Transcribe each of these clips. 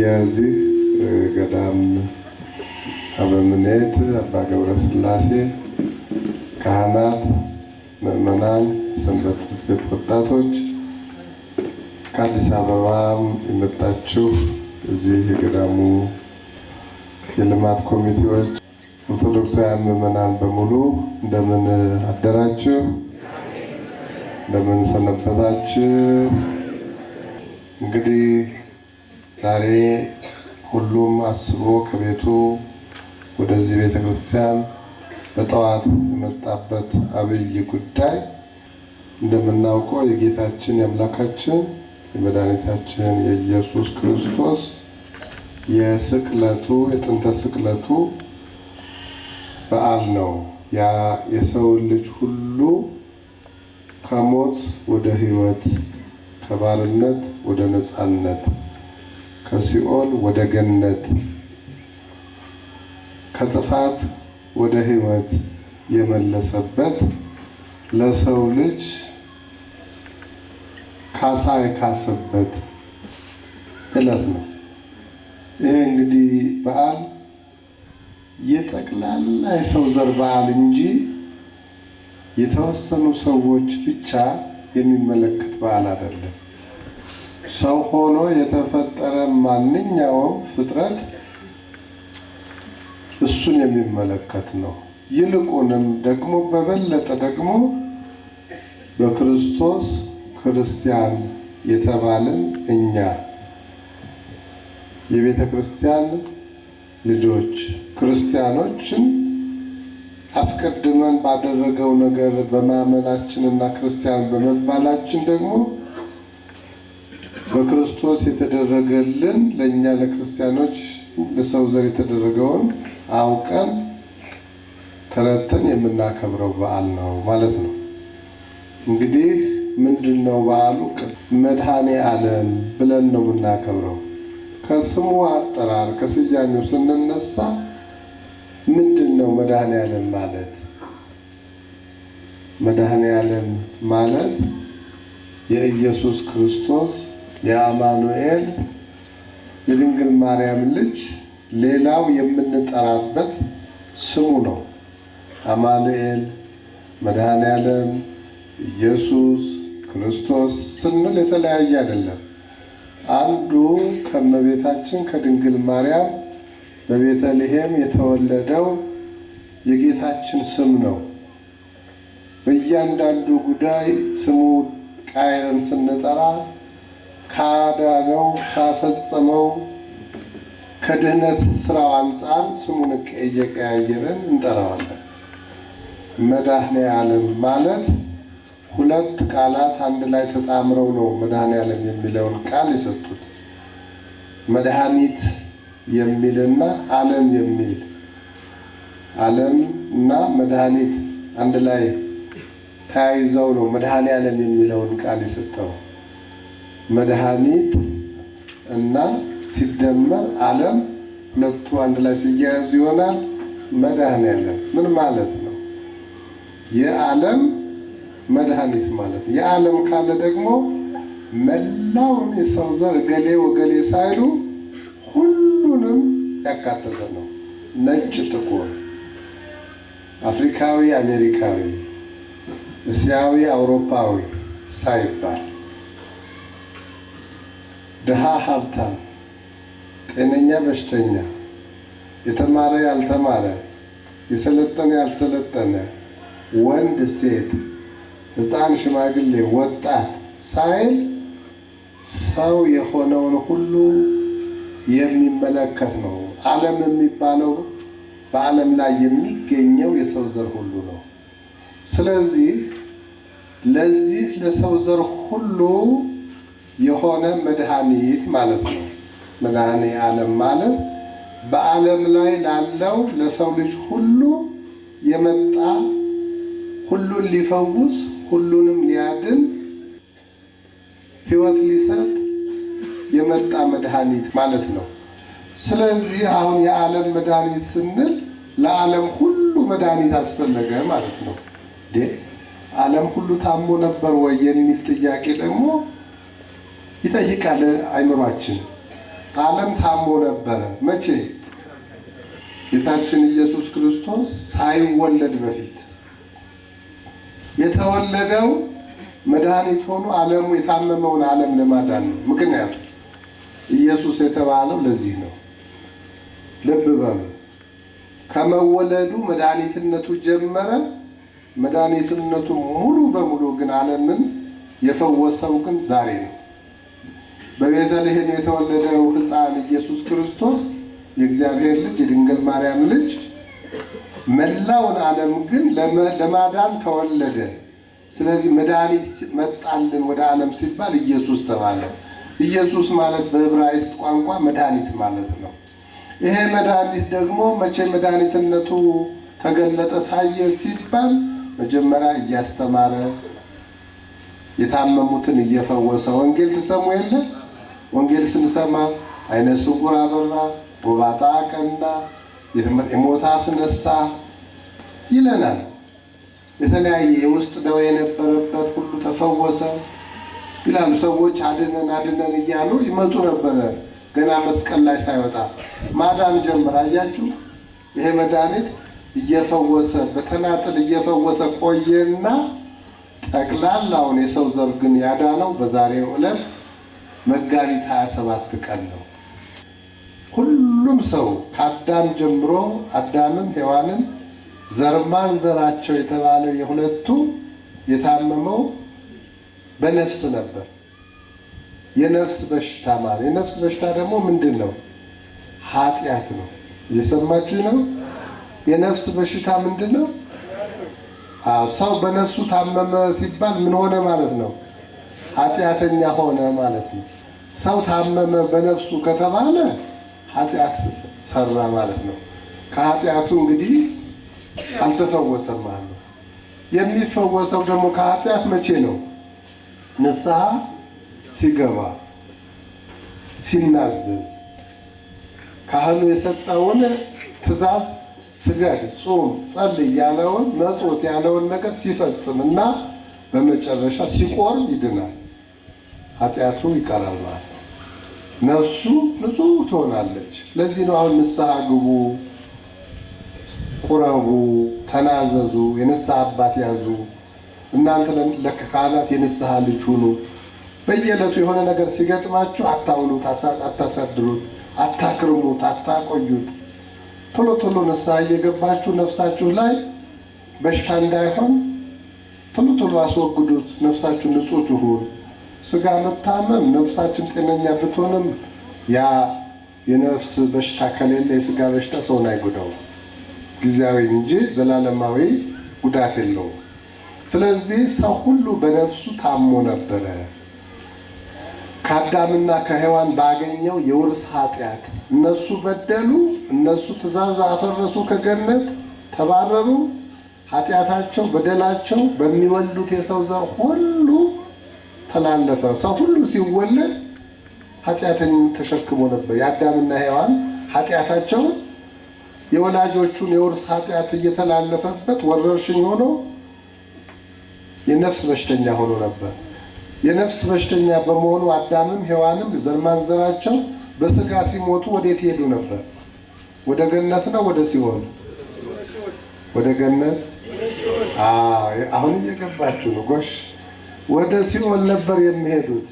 የዚህ ገዳም አበምኔት አባ ገብረ ሥላሴ፣ ካህናት፣ ምዕመናን፣ ሰንበት ቤት ወጣቶች፣ ከአዲስ አበባ የመጣችሁ እዚህ የገዳሙ የልማት ኮሚቴዎች፣ ኦርቶዶክሳውያን ምእመናን በሙሉ እንደምን አደራችሁ? እንደምን ሰነበታችሁ? እንግዲህ ዛሬ ሁሉም አስቦ ከቤቱ ወደዚህ ቤተ ክርስቲያን በጠዋት የመጣበት አብይ ጉዳይ እንደምናውቀው የጌታችን የአምላካችን የመድኃኒታችን የኢየሱስ ክርስቶስ የስቅለቱ የጥንተ ስቅለቱ በዓል ነው። ያ የሰው ልጅ ሁሉ ከሞት ወደ ሕይወት ከባርነት ወደ ነፃነት ከሲኦል ወደ ገነት ከጥፋት ወደ ሕይወት የመለሰበት ለሰው ልጅ ካሳ የካሰበት ዕለት ነው። ይሄ እንግዲህ በዓል የጠቅላላ የሰው ዘር በዓል እንጂ የተወሰኑ ሰዎች ብቻ የሚመለከት በዓል አይደለም። ሰው ሆኖ የተፈ ማንኛውም ፍጥረት እሱን የሚመለከት ነው። ይልቁንም ደግሞ በበለጠ ደግሞ በክርስቶስ ክርስቲያን የተባልን እኛ የቤተ ክርስቲያን ልጆች ክርስቲያኖችን አስቀድመን ባደረገው ነገር በማመናችን እና ክርስቲያን በመባላችን ደግሞ በክርስቶስ የተደረገልን ለእኛ ለክርስቲያኖች ለሰው ዘር የተደረገውን አውቀን ተረተን የምናከብረው በዓል ነው ማለት ነው። እንግዲህ ምንድን ነው በዓሉ? መድኃኔ ዓለም ብለን ነው የምናከብረው። ከስሙ አጠራር ከስያሜው ስንነሳ ምንድን ነው መድኃኔ ዓለም ማለት? መድኃኔ ዓለም ማለት የኢየሱስ ክርስቶስ የአማኑኤል የድንግል ማርያም ልጅ ሌላው የምንጠራበት ስሙ ነው። አማኑኤል መድኃኔ ዓለም ኢየሱስ ክርስቶስ ስንል የተለያየ አይደለም። አንዱ ከመቤታችን ከድንግል ማርያም በቤተልሔም የተወለደው የጌታችን ስም ነው። በእያንዳንዱ ጉዳይ ስሙ ቃየን ስንጠራ ካዳነው ካፈጸመው ከድህነት ስራው አንጻር ስሙን እየቀያየርን እንጠራዋለን። መድኃኔ ዓለም ማለት ሁለት ቃላት አንድ ላይ ተጣምረው ነው መድኃኔ ዓለም የሚለውን ቃል የሰጡት። መድኃኒት የሚልና ዓለም የሚል ዓለም እና መድኃኒት አንድ ላይ ተያይዘው ነው መድኃኔ ዓለም የሚለውን ቃል የሰጠው። መድኃኒት እና ሲደመር ዓለም ሁለቱ አንድ ላይ ሲያያዙ ይሆናል መድኃኔዓለም። ምን ማለት ነው? የዓለም መድኃኒት ማለት ነው። የዓለም ካለ ደግሞ መላውን የሰው ዘር እገሌ ወገሌ ሳይሉ ሁሉንም ያካተተ ነው። ነጭ፣ ጥቁር፣ አፍሪካዊ፣ አሜሪካዊ፣ እስያዊ፣ አውሮፓዊ ሳይባል ድሃ ሀብታም፣ ጤነኛ በሽተኛ፣ የተማረ ያልተማረ፣ የሰለጠነ ያልሰለጠነ፣ ወንድ ሴት፣ ህፃን ሽማግሌ፣ ወጣት ሳይል ሰው የሆነውን ሁሉ የሚመለከት ነው። ዓለም የሚባለው በዓለም ላይ የሚገኘው የሰው ዘር ሁሉ ነው። ስለዚህ ለዚህ ለሰው ዘር ሁሉ የሆነ መድኃኒት ማለት ነው። መድኃኔ ዓለም ማለት በዓለም ላይ ላለው ለሰው ልጅ ሁሉ የመጣ ሁሉን ሊፈውስ ሁሉንም ሊያድን ሕይወት ሊሰጥ የመጣ መድኃኒት ማለት ነው። ስለዚህ አሁን የዓለም መድኃኒት ስንል ለዓለም ሁሉ መድኃኒት አስፈለገ ማለት ነው። ዓለም ሁሉ ታሞ ነበር ወይ የሚል ጥያቄ ደግሞ ይጠይቃል አይምሯችን። ዓለም ታሞ ነበረ። መቼ? ጌታችን ኢየሱስ ክርስቶስ ሳይወለድ በፊት የተወለደው መድኃኒት ሆኖ ዓለሙ የታመመውን ዓለም ለማዳን ነው። ምክንያቱ ኢየሱስ የተባለው ለዚህ ነው። ልብ በሉ። ከመወለዱ መድኃኒትነቱ ጀመረ። መድኃኒትነቱ ሙሉ በሙሉ ግን ዓለምን የፈወሰው ግን ዛሬ ነው። በቤተልሔም የተወለደው ሕፃን ኢየሱስ ክርስቶስ የእግዚአብሔር ልጅ የድንግል ማርያም ልጅ መላውን ዓለም ግን ለማዳን ተወለደ። ስለዚህ መድኃኒት መጣልን ወደ ዓለም ሲባል ኢየሱስ ተባለ። ኢየሱስ ማለት በዕብራይስጥ ቋንቋ መድኃኒት ማለት ነው። ይሄ መድኃኒት ደግሞ መቼ መድኃኒትነቱ ተገለጠ ታየ ሲባል መጀመሪያ እያስተማረ የታመሙትን እየፈወሰ ወንጌል ተሰሙ የለን ወንጌል ስንሰማ አይነ ስውር አበራ፣ ጎባጣ ቀና፣ የሞታ አስነሳ ይለናል። የተለያየ የውስጥ ደዌ የነበረበት ሁሉ ተፈወሰ ይላሉ ሰዎች። አድነን አድነን እያሉ ይመጡ ነበረ። ገና መስቀል ላይ ሳይወጣ ማዳን ጀምር። አያችሁ፣ ይሄ መድኃኒት እየፈወሰ በተናጥል እየፈወሰ ቆየና ጠቅላላውን የሰው ዘር ግን ያዳነው በዛሬው ዕለት መጋቢት 27 ቀን ነው። ሁሉም ሰው ከአዳም ጀምሮ አዳምም ሔዋንም ዘርማን ዘራቸው የተባለው የሁለቱ የታመመው በነፍስ ነበር። የነፍስ በሽታ ማለት የነፍስ በሽታ ደግሞ ምንድን ነው? ኃጢአት ነው። እየሰማችሁ ነው። የነፍስ በሽታ ምንድን ነው? ሰው በነፍሱ ታመመ ሲባል ምን ሆነ ማለት ነው? ኃጢአተኛ ሆነ ማለት ነው። ሰው ታመመ በነፍሱ ከተባለ ኃጢአት ሰራ ማለት ነው። ከኃጢአቱ እንግዲህ አልተፈወሰም ማለት ነው። የሚፈወሰው ደግሞ ከኃጢአት መቼ ነው? ንስሐ ሲገባ ሲናዘዝ ካህኑ የሰጠውን ትእዛዝ ስገድ፣ ጾም፣ ጸልይ ያለውን መጽት ያለውን ነገር ሲፈጽም እና በመጨረሻ ሲቆርብ ይድናል። ኃጢአቱ ይቀራራል፣ ነፍሱ ንጹህ ትሆናለች። ለዚህ ነው አሁን ንስሐ ግቡ፣ ቁረቡ፣ ተናዘዙ፣ የንስሐ አባት ያዙ። እናንተ ለካህናት የንስሐ ልጅ ሁኑ። በየዕለቱ የሆነ ነገር ሲገጥማችሁ አታውሉት፣ አታሳድሩት፣ አታክርሙት፣ አታቆዩት። ቶሎ ቶሎ ንስሐ እየገባችሁ ነፍሳችሁ ላይ በሽታ እንዳይሆን ቶሎ ቶሎ አስወግዱት። ነፍሳችሁ ንጹሕ ትሁን። ስጋ መታመም ነፍሳችን ጤነኛ ብትሆንም ያ የነፍስ በሽታ ከሌለ የስጋ በሽታ ሰውን አይጎዳውም። ጊዜያዊ እንጂ ዘላለማዊ ጉዳት የለውም። ስለዚህ ሰው ሁሉ በነፍሱ ታሞ ነበረ። ከአዳምና ከሔዋን ባገኘው የውርስ ኃጢአት እነሱ በደሉ፣ እነሱ ትእዛዝ አፈረሱ፣ ከገነት ተባረሩ። ኃጢአታቸው፣ በደላቸው በሚወልዱት የሰው ዘር ሁሉ ተላለፈ። ሰው ሁሉ ሲወለድ ኃጢአትን ተሸክሞ ነበር። የአዳምና ሔዋን ኃጢአታቸውን የወላጆቹን የውርስ ኃጢአት እየተላለፈበት ወረርሽኝ ሆኖ የነፍስ በሽተኛ ሆኖ ነበር። የነፍስ በሽተኛ በመሆኑ አዳምም ሔዋንም ዘርማንዘራቸው በስጋ ሲሞቱ ወዴት ይሄዱ ነበር? ወደ ገነት ነው? ወደ ሲሆን? ወደ ገነት። አሁን እየገባችሁ ነው ጎሽ ወደ ሲኦል ነበር የሚሄዱት።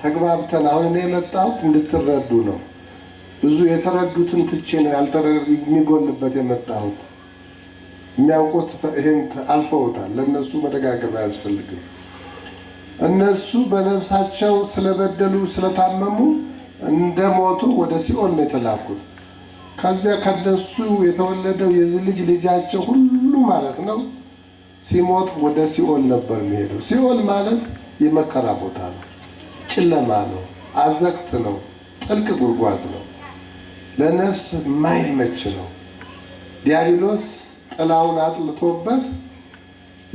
ተግባብተን አሁን የመጣሁት እንድትረዱ ነው። ብዙ የተረዱትን ትቼ ነው ያልተረዱ የሚጎልበት የመጣሁት። የሚያውቁት ይህን አልፈውታል። ለእነሱ መደጋገም አያስፈልግም። እነሱ በነፍሳቸው ስለበደሉ ስለታመሙ እንደሞቱ ወደ ሲኦል ነው የተላኩት። ከዚያ ከነሱ የተወለደው የዚህ ልጅ ልጃቸው ሁሉ ማለት ነው ሲሞት ወደ ሲኦል ነበር የሚሄደው። ሲኦል ማለት የመከራ ቦታ ነው፣ ጨለማ ነው፣ አዘቅት ነው፣ ጥልቅ ጉድጓድ ነው፣ ለነፍስ ማይመች ነው። ዲያብሎስ ጥላውን አጥልቶበት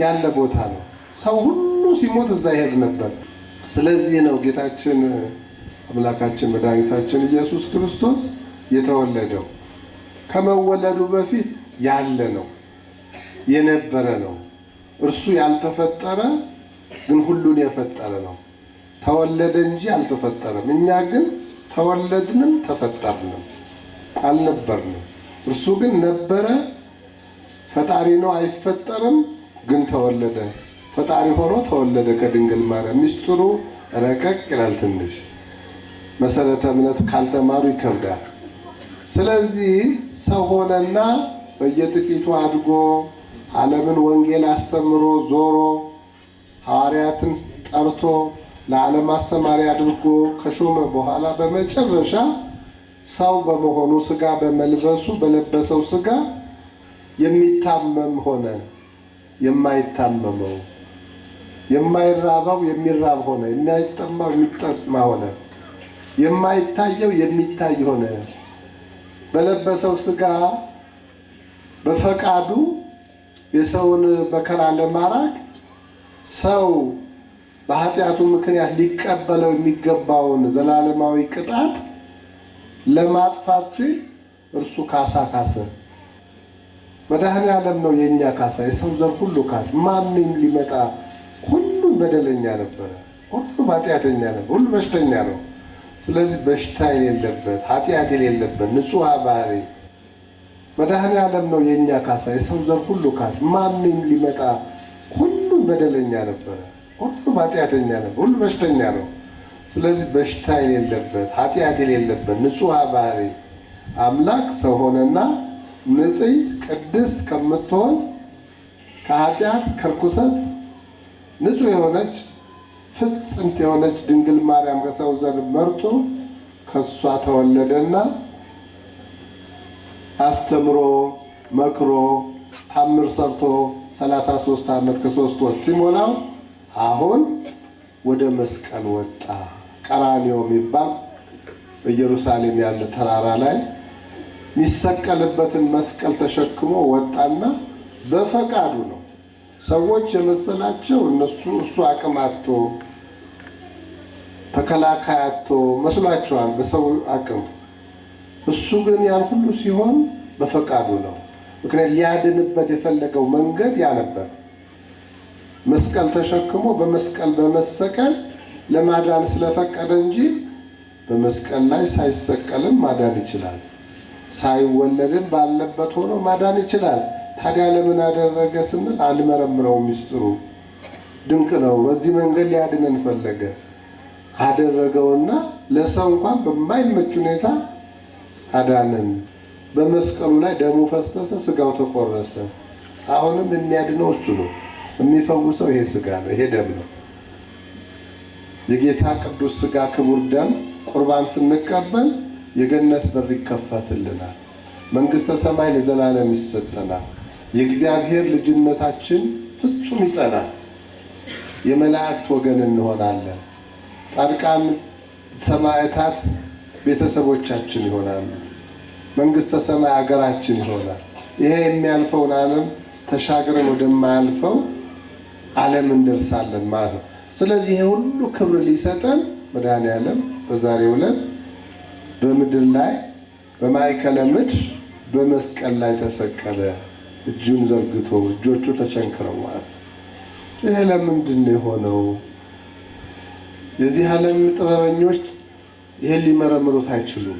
ያለ ቦታ ነው። ሰው ሁሉ ሲሞት እዛ ይሄድ ነበር። ስለዚህ ነው ጌታችን አምላካችን መድኃኒታችን ኢየሱስ ክርስቶስ የተወለደው። ከመወለዱ በፊት ያለ ነው የነበረ ነው። እርሱ ያልተፈጠረ ግን ሁሉን የፈጠረ ነው። ተወለደ እንጂ አልተፈጠረም። እኛ ግን ተወለድንም ተፈጠርንም አልነበርንም። እርሱ ግን ነበረ፣ ፈጣሪ ነው፣ አይፈጠርም፣ ግን ተወለደ። ፈጣሪ ሆኖ ተወለደ ከድንግል ማርያም። ሚስጥሩ ረቀቅ ይላል። ትንሽ መሰረተ እምነት ካልተማሩ ይከብዳል። ስለዚህ ሰው ሆነና በየጥቂቱ አድጎ ዓለምን ወንጌል አስተምሮ ዞሮ ሐዋርያትን ጠርቶ ለዓለም አስተማሪ አድርጎ ከሾመ በኋላ በመጨረሻ ሰው በመሆኑ ስጋ በመልበሱ በለበሰው ስጋ የሚታመም ሆነ። የማይታመመው የማይራባው የሚራብ ሆነ። የማይጠማው የሚጠማ ሆነ። የማይታየው የሚታይ ሆነ። በለበሰው ስጋ በፈቃዱ የሰውን መከራ ለማራቅ ሰው በኃጢአቱ ምክንያት ሊቀበለው የሚገባውን ዘላለማዊ ቅጣት ለማጥፋት ሲል እርሱ ካሳ ካሰ። መድኃኔ ዓለም ነው የእኛ ካሳ፣ የሰው ዘር ሁሉ ካሳ። ማንም ሊመጣ ሁሉም በደለኛ ነበረ፣ ሁሉም ኃጢአተኛ ነበር፣ ሁሉ በሽተኛ ነው። ስለዚህ በሽታ የሌለበት ኃጢአት የሌለበት ንጹሕ ባህሪ መድኃኔ ዓለም ነው የእኛ ካሳ፣ የሰው ዘር ሁሉ ካሳ። ማንም ሊመጣ ሁሉም በደለኛ ነበረ፣ ሁሉም ኃጢአተኛ ነበር፣ ሁሉ በሽተኛ ነው። ስለዚህ በሽታ የሌለበት ኃጢአት የሌለበት ንጹሕ ባህሪ አምላክ ሰው ሆነና ንጽህ ቅድስት ከምትሆን ከኃጢአት ከርኩሰት ንጹህ የሆነች ፍጽምት የሆነች ድንግል ማርያም ከሰው ዘር መርጦ ከእሷ ተወለደና አስተምሮ መክሮ ታምር ሰርቶ 33 ዓመት ከሶስት ወር ሲሞላው አሁን ወደ መስቀል ወጣ። ቀራኒዮ የሚባል በኢየሩሳሌም ያለ ተራራ ላይ የሚሰቀልበትን መስቀል ተሸክሞ ወጣና በፈቃዱ ነው። ሰዎች የመሰላቸው እነሱ እሱ አቅም አጥቶ ተከላካይ አጥቶ መስሏቸዋል። በሰው አቅም እሱ ግን ያን ሁሉ ሲሆን በፈቃዱ ነው። ምክንያት ሊያድንበት የፈለገው መንገድ ያ ነበር። መስቀል ተሸክሞ በመስቀል በመሰቀል ለማዳን ስለፈቀደ እንጂ በመስቀል ላይ ሳይሰቀልም ማዳን ይችላል። ሳይወለድም ባለበት ሆኖ ማዳን ይችላል። ታዲያ ለምን አደረገ ስንል አልመረምረው ሚስጥሩ ድንቅ ነው። በዚህ መንገድ ሊያድነን ፈለገ አደረገውና ለሰው እንኳን በማይመች ሁኔታ አዳነን። በመስቀሉ ላይ ደሙ ፈሰሰ፣ ስጋው ተቆረሰ። አሁንም የሚያድነው እሱ ነው። የሚፈውሰው ይሄ ስጋ ነው፣ ይሄ ደም ነው። የጌታ ቅዱስ ስጋ ክቡር ደም ቁርባን ስንቀበል የገነት በር ይከፈትልናል። መንግሥተ ሰማይ ለዘላለም ይሰጠናል። የእግዚአብሔር ልጅነታችን ፍጹም ይጸናል። የመላእክት ወገን እንሆናለን። ጻድቃን ሰማዕታት ቤተሰቦቻችን ይሆናሉ። መንግስተ ሰማይ አገራችን ይሆናል። ይሄ የሚያልፈውን ዓለም ተሻግረን ወደማያልፈው ዓለም እንደርሳለን ማለት ነው። ስለዚህ ይሄ ሁሉ ክብር ሊሰጠን መድኃኔዓለም በዛሬው ዕለት በምድር ላይ በማዕከለ ምድር በመስቀል ላይ ተሰቀለ። እጁን ዘርግቶ እጆቹ ተቸንክረው ማለት ይሄ ለምንድን ነው የሆነው? የዚህ ዓለም ጥበበኞች ይህን ሊመረምሩት አይችሉም።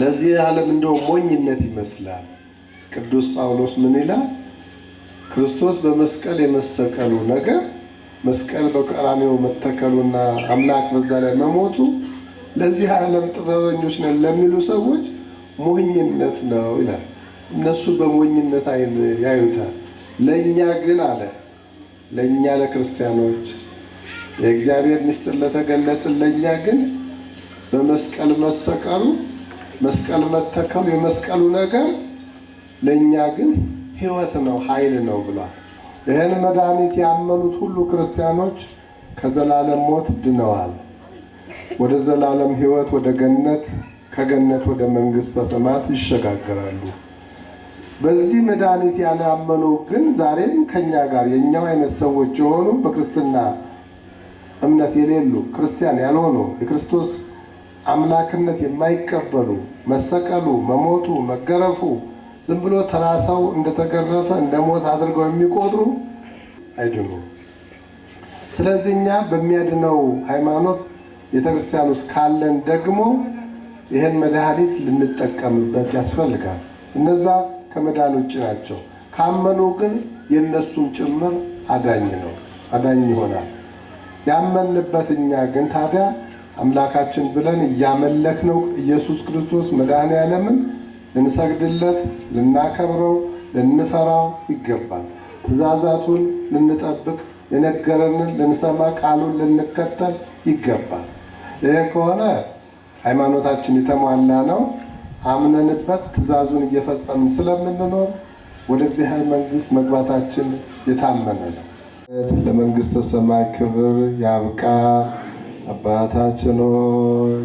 ለዚህ ዓለም እንደው ሞኝነት ይመስላል። ቅዱስ ጳውሎስ ምን ይላል? ክርስቶስ በመስቀል የመሰቀሉ ነገር መስቀል በቀራኔው መተከሉና አምላክ በዛ ላይ መሞቱ ለዚህ ዓለም ጥበበኞች ነን ለሚሉ ሰዎች ሞኝነት ነው ይላል። እነሱ በሞኝነት አይን ያዩታል። ለእኛ ግን አለ ለእኛ ለክርስቲያኖች የእግዚአብሔር ምስጢር ለተገለጥን ለእኛ ግን በመስቀል መሰቀሉ መስቀል መተከሉ የመስቀሉ ነገር ለእኛ ግን ህይወት ነው ኃይል ነው ብሏል። ይህን መድኃኒት ያመኑት ሁሉ ክርስቲያኖች ከዘላለም ሞት ድነዋል፣ ወደ ዘላለም ህይወት ወደ ገነት ከገነት ወደ መንግሥተ ሰማያት ይሸጋገራሉ። በዚህ መድኃኒት ያላመኑ ግን ዛሬም ከኛ ጋር የእኛው አይነት ሰዎች የሆኑ በክርስትና እምነት የሌሉ ክርስቲያን ያልሆኑ የክርስቶስ አምላክነት የማይቀበሉ መሰቀሉ፣ መሞቱ፣ መገረፉ ዝም ብሎ ተራሰው እንደተገረፈ እንደ ሞት አድርገው የሚቆጥሩ አይደሉም። ስለዚህ እኛ በሚያድነው ሃይማኖት ቤተ ክርስቲያን ውስጥ ካለን ደግሞ ይህን መድኃኒት ልንጠቀምበት ያስፈልጋል። እነዛ ከመዳን ውጭ ናቸው። ካመኑ ግን የእነሱም ጭምር አዳኝ ነው፣ አዳኝ ይሆናል። ያመንበት እኛ ግን ታዲያ አምላካችን ብለን እያመለክ ነው ኢየሱስ ክርስቶስ መድኃኔ ዓለምን ልንሰግድለት፣ ልናከብረው፣ ልንፈራው ይገባል። ትእዛዛቱን ልንጠብቅ፣ የነገረንን ልንሰማ፣ ቃሉን ልንከተል ይገባል። ይህ ከሆነ ሃይማኖታችን የተሟላ ነው። አምነንበት ትእዛዙን እየፈጸምን ስለምንኖር ወደ እግዚአብሔር መንግስት መግባታችን የታመነ ነው። ለመንግሥተ ሰማይ ክብር ያብቃ። አባታችን ሆይ